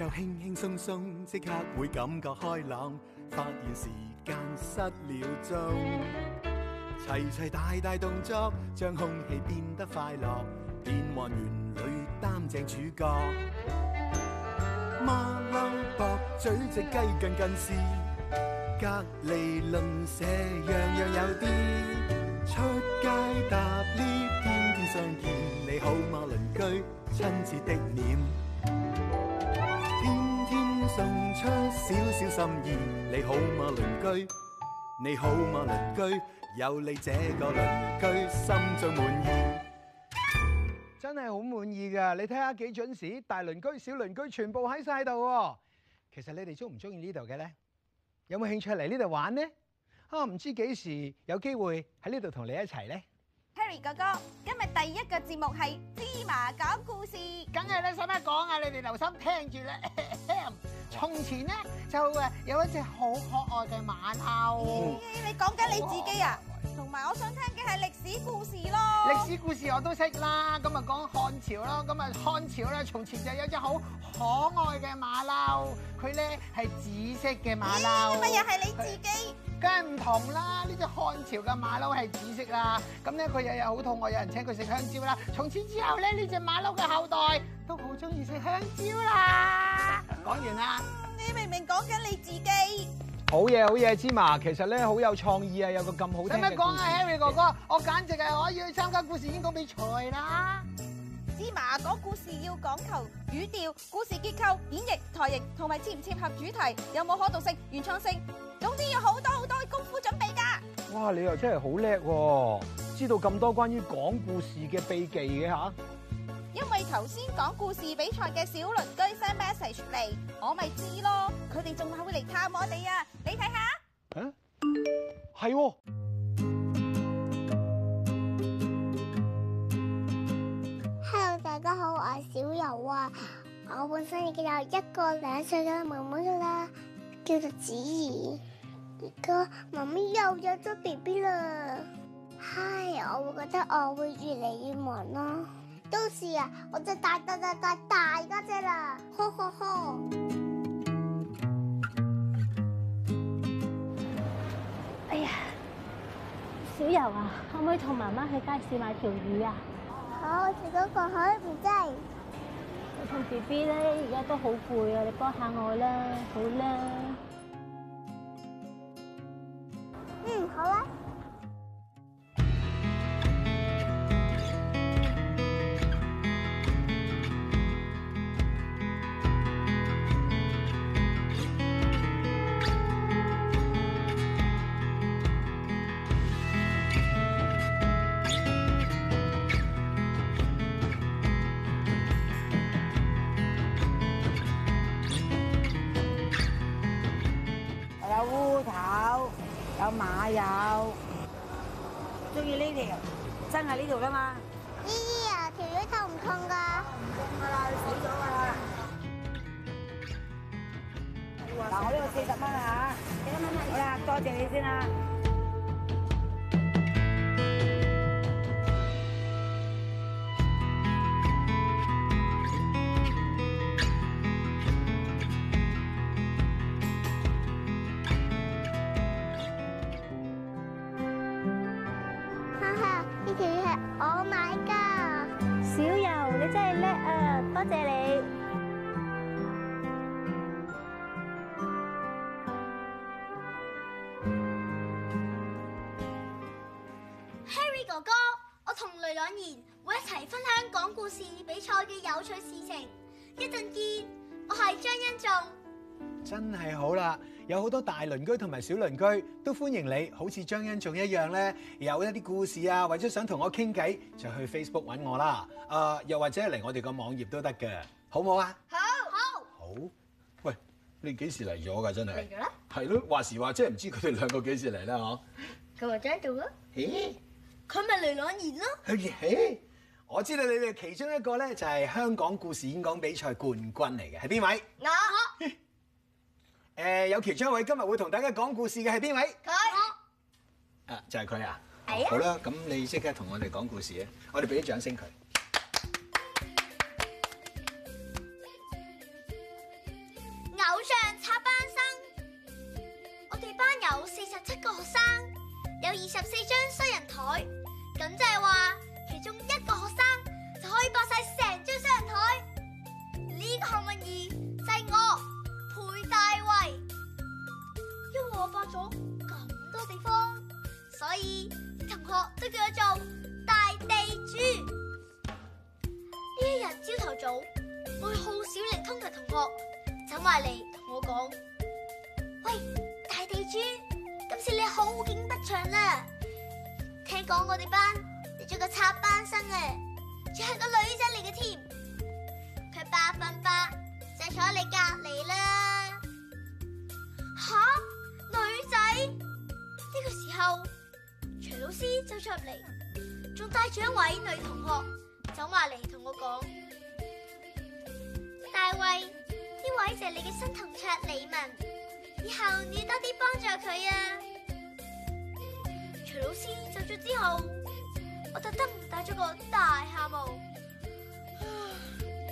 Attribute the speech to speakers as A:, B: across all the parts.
A: 就輕輕鬆鬆，即刻會感覺開朗，發現時間失了蹤。齊齊大大動作，將空氣變得快樂，變和園裏擔正主角。馬騮駁嘴，隻雞更近近視，隔籬鄰舍樣樣有啲。出街搭呢天天相見，你好嗎，鄰居？親切的臉。送出少少心意，你好嗎鄰居？你好嗎鄰居？有你這個鄰居，心中滿意，真係好滿意㗎！你睇下幾準時，大鄰居、小鄰居全部喺晒度喎。其實你哋中唔中意呢度嘅咧？有冇興趣嚟呢度玩呢？啊，唔知幾時有機會喺呢度同你一齊咧？
B: 哥哥，
A: 今日第一個節目係芝麻講故事，梗係啦，使乜講啊？你哋留心聽住啦。從 前咧就誒有一隻好可愛嘅馬騮，你講緊你自己啊？
B: 同埋我想聽嘅係歷史故事咯，歷史故
A: 事我都識啦。咁啊講漢朝啦，咁啊漢朝咧從前就有隻好可愛嘅馬騮，佢咧係紫色嘅馬騮，咪、欸、又係你自己？梗係唔同啦！呢隻漢朝嘅馬騮係紫色啦，咁咧佢日日好餓，有人請佢食香蕉啦。從此之後咧，呢隻馬騮嘅後代都好中意食香蕉啦。講完啦、嗯！你明明講緊你自己。好嘢好嘢，芝麻，其實咧好有創意啊！有個咁好聽。使乜講啊，Harry 哥哥，我簡直係可以去參加故事演講比賽啦！芝麻，講故事要講求語調、故事結
B: 構、演繹、台型，同埋切唔切合主題，有冇可讀性、原創性，總之要好多好多功夫準備噶
A: 哇，你又真係好叻喎，知道咁多關於講故事嘅秘技嘅吓、啊。
B: 因為頭先講故事比賽嘅小鄰居 send message 嚟，我咪知咯，佢哋仲係會嚟探我哋啊，你睇下。啊？
A: 係喎、啊。
B: 大家好，我係小柔啊！我本身已經有一個兩歲嘅妹妹啦，叫做子怡。而家媽媽又有咗 B B 啦，唉，我會覺得我會越嚟越忙咯。到時啊，我就大大大大大家姐啦！哈哈哈！哎呀，小柔啊，可唔可以同媽媽去街市買條魚啊？我食己個海唔濟，我同 B B 呢而家都好攰啊！你幫下我啦，好啦。
A: 馬友中意呢條，真係呢度噶嘛？
B: 姨姨啊，條魚痛唔痛噶？唔痛噶啦，你死咗啦！嗱，我呢個四十蚊啊，幾多蚊啊？
A: 好啦，多
B: 謝你先啦。哥，我同雷朗賢會一齊分享講故事比賽嘅有趣事情，一陣見。我係張恩仲，
A: 真係好啦。有好多大鄰居同埋小鄰居都歡迎你，好似張恩仲一樣咧，有一啲故事啊，或者想同我傾偈就去 Facebook 揾我啦。誒，又或者嚟我哋個網頁都得嘅，好唔好啊？
B: 好，
A: 好，好。喂，你幾時嚟咗噶？真係嚟咗啦。係咯，話時話即係唔知佢哋兩個幾時嚟啦。嗬，
B: 佢話張恩仲咯。佢咪雷朗然
A: 咯？我知道你哋其中一個咧就係香港故事演講比賽冠軍嚟嘅，係邊位？我。誒，有其中一位今日會同大家講故事嘅係邊位？佢。就係佢啊！係啊。好啦，咁你即刻同我哋講故事啊！我哋俾啲掌聲佢。
B: 偶像插班生，我哋班有四十七個學生，有二十四張雙人台。咁即係話，其中一個學生就可以霸晒成張雙人枱。呢個幸運兒就係我，裴大衛，因為我霸咗咁多地方，所以啲同學都叫我做大地主。呢一日朝頭早，我好小靈通嘅同學走埋嚟同我講：喂，大地主，今次你好景不長啦！聽講我哋班嚟咗個插班生啊，仲係個女仔嚟嘅添。佢百分百就坐喺你隔籬啦。吓，女仔？呢個時候，徐老師走出嚟，仲帶住一位女同學走埋嚟同我講：大衛，呢位就係你嘅新同桌李文，以後你要多啲幫助佢啊。老師走咗之後，我特登帶咗個大下帽，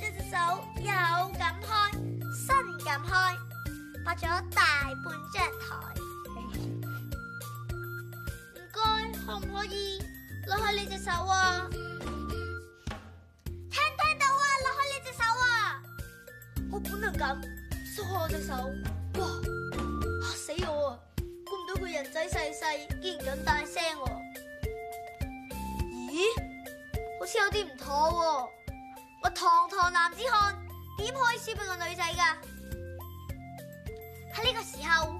B: 一隻手又咁開，伸咁開，霸咗大半張台。唔該，可唔可以攞開你隻手啊？聽聽到啊，攞開你隻手啊！我本能咁，縮開我隻手哇。人仔細細，竟然咁大聲喎！咦，好似有啲唔妥喎！啊！我堂堂男子漢，點可以輸俾個女仔噶？喺呢個時候，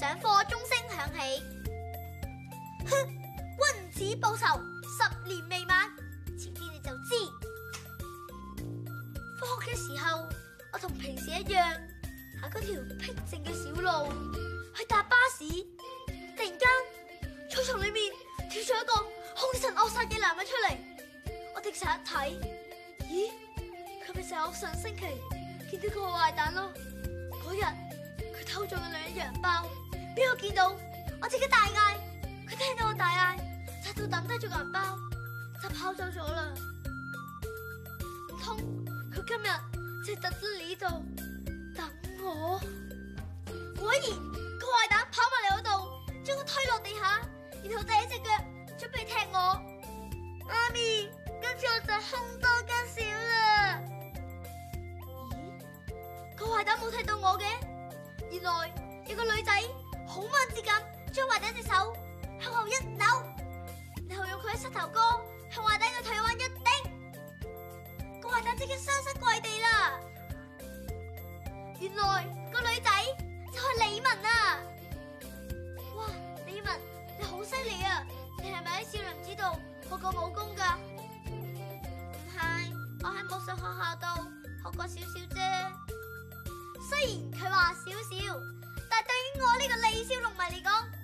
B: 上課鐘聲響起。哼，君子報仇，十年未晚，遲啲你就知。放學嘅時候，我同平時一樣，行嗰條僻靜嘅小路去搭巴士。從裏面跳出一個凶神惡煞嘅男人出嚟，我定神一睇，咦，佢咪成日我上星期見到嗰個壞蛋咯？嗰日佢偷咗我兩羊包，畀我見到，我自己大嗌，佢聽到我大嗌，差到抌低咗銀包，就跑走咗啦。唔通佢今日即係特登嚟到等我？果然嗰個壞蛋跑埋嚟我度，將佢推落地下。然後第一隻腳準備踢我，媽咪，今次我就凶多吉少啦。咦？個壞蛋冇睇到我嘅，原來有個女仔好敏捷咁將壞蛋隻手向後一扭，然後用佢嘅膝頭哥向壞蛋嘅腿彎一頂，個壞蛋即刻收膝跪地啦。原來個女仔就係李文啊。犀利啊！你係咪喺少林寺度學過武功噶？唔係，我喺武術學校度學過少少啫。雖然佢話少少，但係對於我呢個李小龍迷嚟講。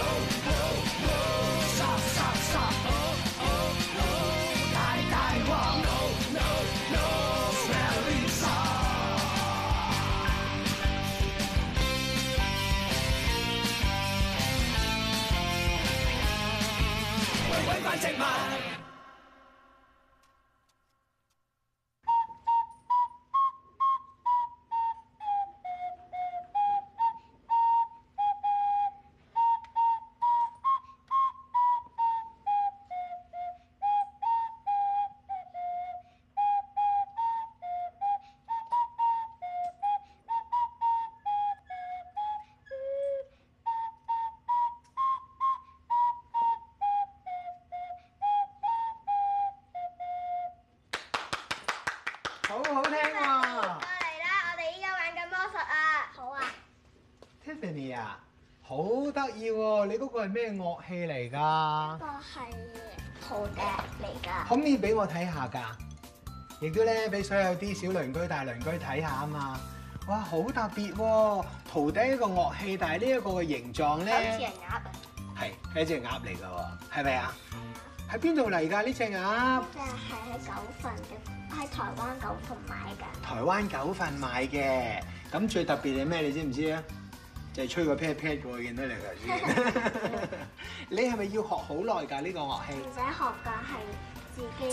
A: Stephanie 啊，好得意喎！你嗰個係咩樂器嚟㗎？嗰個係陶笛嚟㗎。可唔可以俾我睇下㗎？亦都咧俾所有啲小鄰居、大鄰居睇下啊嘛！哇，好特別喎！陶笛一個樂器，但係呢一個嘅形狀咧，好似係鴨。係係一隻鴨嚟㗎，係咪啊？係啊！喺邊度嚟㗎呢隻鴨？即係喺九份嘅，
B: 喺台灣九份買
A: 㗎。台灣九份買嘅，咁最特別係咩？你知唔知啊？就係、是、吹個 pat pat 見到你嘅。 你係咪要學好耐㗎呢個樂器？唔使學㗎，係自己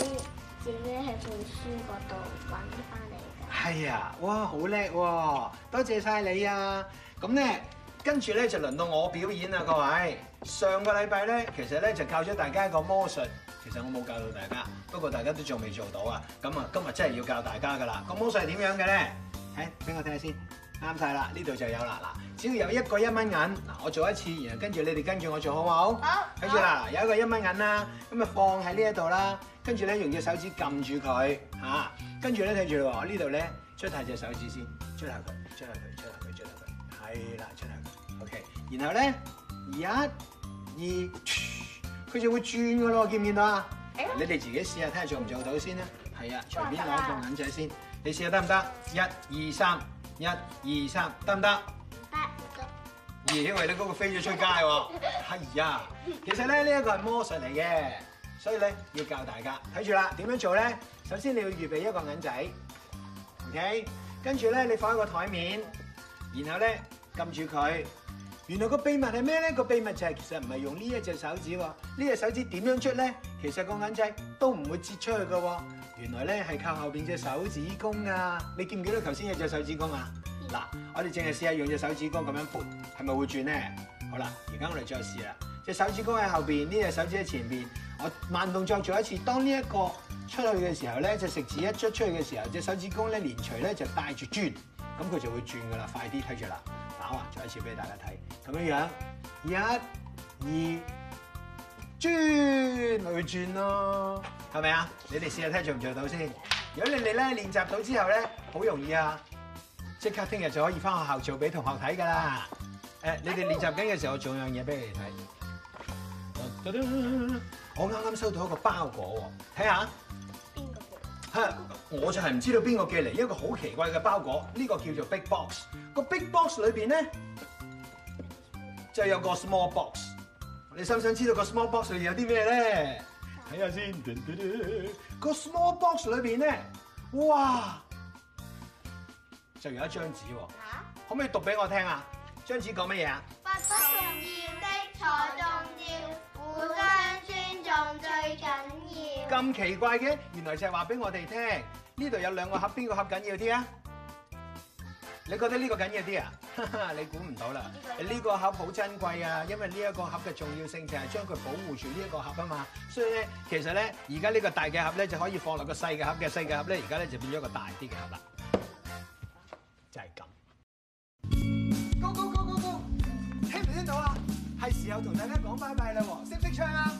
A: 自己喺本書嗰
B: 度揾
A: 翻嚟㗎。係啊，哇，好叻喎！多謝晒你啊。咁咧，跟住咧就輪到我表演啦，各位。上個禮拜咧，其實咧就教咗大家一個魔術，其實我冇教到大家，不過大家都仲未做到啊。咁啊，今日真係要教大家㗎啦。個、嗯、魔術係點樣嘅咧？誒、哎，俾我睇下先。啱晒啦！呢度就有啦。嗱，只要有一個一蚊銀，嗱，我做一次，然後跟住你哋跟住我做好唔好？好。睇住啦，有一個一蚊銀啦，咁啊放喺呢一度啦。跟住咧，用隻手指撳住佢嚇，跟住咧睇住喎，我呢度咧捽下隻手指先，捽下佢，捽下佢，捽下佢，捽下佢，係啦，捽下佢。OK，然後咧，一、二，佢就會轉噶咯，見唔見到啊？你哋自己試下，睇下做唔做到先啦。係啊，隨便攞個銀仔先，你試下得唔得？一、二、三。一二三得唔得？得。而家因為你嗰個飛咗出街喎。係啊，其實咧呢一個係魔術嚟嘅，所以咧要教大家睇住啦，點樣做咧？首先你要預備一個銀仔，OK？跟住咧你放喺個台面，然後咧撳住佢。原來個秘密係咩咧？個秘密就係其實唔係用呢一隻手指喎，呢隻手指點樣出咧？其實個眼仔都唔會折出去噶喎。原來咧係靠後邊隻手指公啊！你記唔記得頭先有隻手指公啊？嗱，我哋淨係試下用隻手指公咁樣撥，係咪會轉咧？好啦，而家我哋再試啦。隻手指公喺後邊，呢隻手指喺前邊。我慢動作做一次，當呢一個出去嘅時候咧，隻食指一捽出去嘅時候，隻手指公咧連隨咧就帶住轉，咁佢就會轉噶啦。快啲睇住啦！好啊，再一次俾大家睇，咁樣樣，一、二，轉嚟轉咯，係咪啊？你哋試下睇做唔做到先。如果你哋咧練習到之後咧，好容易啊，即刻聽日就可以翻學校做俾同學睇噶啦。誒，你哋練習緊嘅時候，做樣嘢俾你哋睇。我啱啱收到一個包裹，睇下。嚇！我就係唔知道邊個寄嚟，一個好奇怪嘅包裹，呢個叫做 Big Box。個 Big Box 裏邊咧，就係有個 Small Box。你想唔想知道個 Small Box 裏邊有啲咩咧？睇下先。個 Small Box 裏邊咧，哇！就有一張紙，吓，可唔可以讀俾我聽啊？張紙講乜嘢啊？發
B: 不容易的彩。
A: 咁奇怪嘅，原來就係話俾我哋聽，呢度有兩個盒，邊個盒緊要啲啊？你覺得呢個緊要啲啊？哈哈，你估唔到啦，呢個盒好珍貴啊，因為呢一個盒嘅重要性就係將佢保護住呢一個盒啊嘛。所以咧，其實咧，而家呢個大嘅盒咧就可以放落個細嘅盒嘅，細嘅盒咧而家咧就變咗個大啲嘅盒啦，就係咁。高高高高高，聽唔聽到啊？係時候同大家講拜拜啦，識唔識唱啊？